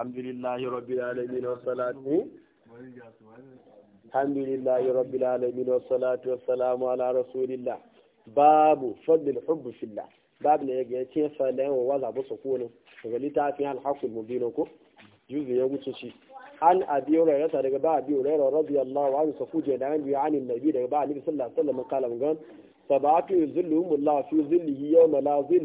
الحمد لله رب العالمين والصلاة الحمد لله رب العالمين والصلاة والسلام على رسول الله باب فضل الحب في الله باب ne ga yace falan wa waza bu sukunu daga litafin al-haqqul mubin ko juzu ya wuce shi an abi hurairah daga ba abi hurairah radiyallahu anhu safuje da annabi anin nabi daga ba annabi sallallahu alaihi wasallam kala mun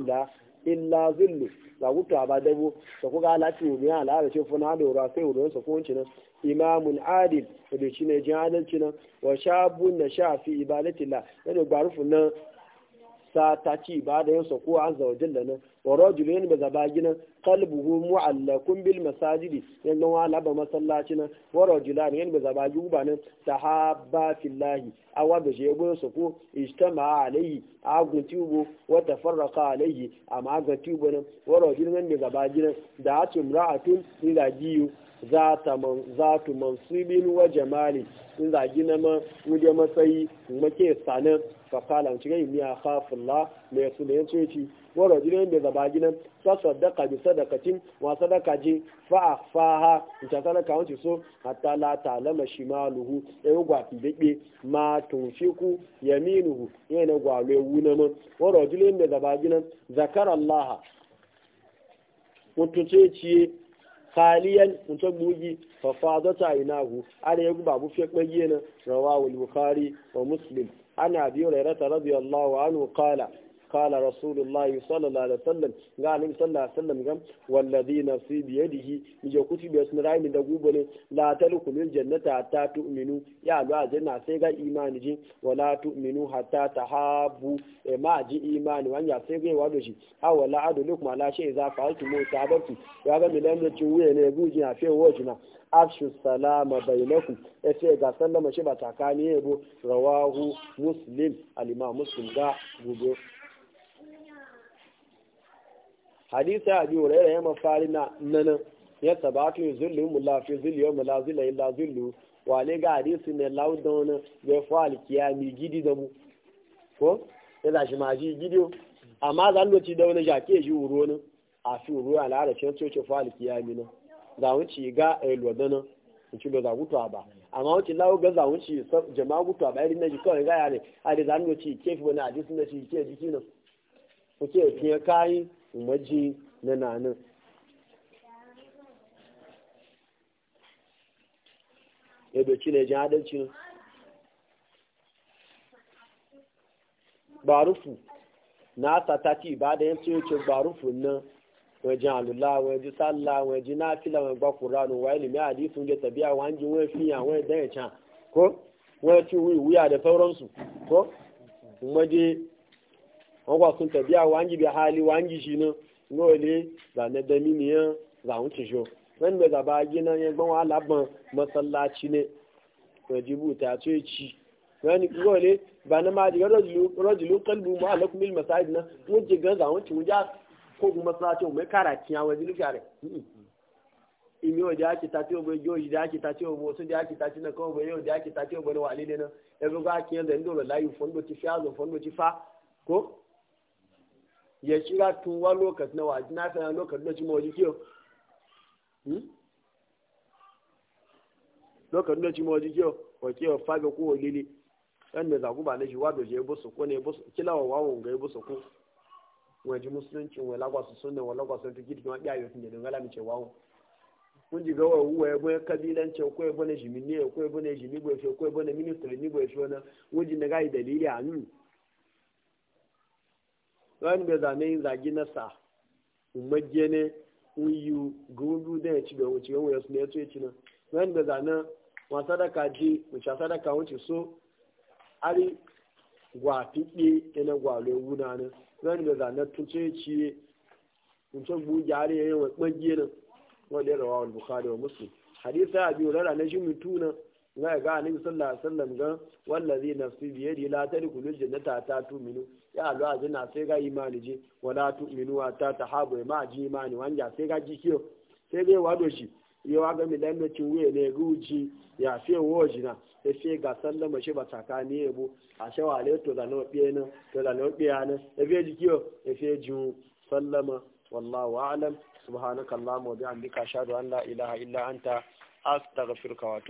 gan sabatu illa zillu ga wuta ba dabo da ku ga lati mu ya ce funa da ra sai wurin sa ko cinan imamun adil da shi ne jin adalci nan wa shabun na shafi ibadatillah yana gbarufu nan sa ta ci ibada yin sa ko an zawajin da nan wa rajulain ba zaba gina qalbuhu mu'allakun bil masajidi yan nan wala ba masallaci nan wa rajulain yan ba zaba gi uba nan sahabba a awa da je go su ko ijtama alayhi agun tubo wa tafarraqa alayhi amma ga tubo nan wa rajulain ba zaba gina da atum ra'atun ila jiyu zatu mansibin wa jamali in zagi na ma wuje matsayi make sanin fakala ci gai miya khafullah mai su da yace ci wara jiran da da sadaka bi sadakatin wa sadaka ji fa afaha ta sadaka wace so hatta la talama shimaluhu e gwa bebe ma tunfiku yaminuhu yana gwa le na wa rajulin da ba zakara Allah ce khaliyan mutum buji fa fadata inahu ana yagu babu fekman yana rawahu al-bukhari wa muslim ana bi hurairah radiyallahu anhu qala قال رسول الله صلى الله عليه وسلم قال النبي صلى الله عليه وسلم قال والذي نفسي بيده يجي كتب يسن راي من دغوبل لا تلكم الجنة حتى تؤمنوا يا لو اجنا سي غا ايمان جي ولا تؤمنوا حتى تحابوا ما جي ايمان وان يا سي غي وادو شي ها ولا لكم على شيء اذا فعلتم تعبتم يا غا ميلان تشي ويه ne guji na fe wojina afshu salama bainakum yace ga sallama shi ba takani yabo rawahu muslim al-imam muslim ga gubo hadisi abi hurairah ya mafari na nan ya sabatu yi mulla fi zilli yawm la zilla illa zillu wa ne ga hadisi ne laudon ya fa mai gidi da mu ko ya za shi maji gidi amma zan lokaci da wani jake shi wuro ne a fi wuro a larabcin coci fa alkiyami na za mu ci ga elwada eh, na in ci da a ba amma wuce lawo ga za mu ci jama'a gutuwa ba irin na ji kawai ga yare a da zan lokaci kefi wani hadisi na ci ke jiki na ko ke fiye kayi umarji na nanin ya doki ne jin adalci barufu na tatati ba da yin tsoyoce barufu nan wajen alula wajen salla wajen na nafila wajen bakuranu wa ilimi hadisun ga tabiya wajen wajen fiya wajen dan ya can ko wajen ci wuya da sauransu ko wajen wọ́n sun tabiya wangi bi hali wangi shi nan ngo ne da na da miniya za mu ci jo nan da ba gina ya gban wala ban masallaci ne to jibu ta ce ci wani ngo ne ba na ma diga rajulu rajulu qalbu ma alakum bil na mu ji ga za mu imi da ti da ki ta ti o bo da ki ta ti na ko da ki ta ti o bo wa lele na e bo ga da ndo la yu fondo ti fa zo ti fa ya kira tun wa lokaci na waje na sanar lokaci na cimo waje kiyo hmm? lokaci na cimo waje kiyo wa kiyo faga ko wa lili ɗan da zaku ba na shi wado je busu ko ne busu kila wa wawon ga busu ko waje musulunci wa lagwasu sunna wa lagwasu ta gidi kuma iyaye sun da dangala mu ce wawon kun ji ga wa wa ya boye kabilancin ko ya bane jimini ko ya bane jimi ko ya ko ya bane ministry ni ko ya shi wannan wajin da ga dalili a nuni wani bai zane yin zagi na sa umarge ne uyu gungu da ya ci da wuce yan wuyarsu ne ya ci nan wani bai zane wa da kaji wuce sadaka wuce so ari gwa fiɗe yana gwa lewu na nan wani bai zane tun ci ciye wuce buge ari yayin wa ɓangiyar wani rawa wa bukari wa musu hadisa abi rara na shi na na ga annabi sallallahu alaihi wasallam ga wallazi nafsi bi yadi la tadkhulu jannata ta tu'minu ya alu ajina sai ga imani je wala tu'minu wa ta tahabu ma ji imani wanja sai ga ji kiyo sai ga wado shi yawa ga mi dan mutum wuye ne guji ya fe woji na sai sai ga sallama shi ba tsakani yabo a shawa le to da no biye na to da no biya na sai e ga ji kiyo sai e ji sallama wallahu a'lam subhanakallahumma wa bihamdika ashhadu an la ilaha illa anta astaghfiruka wa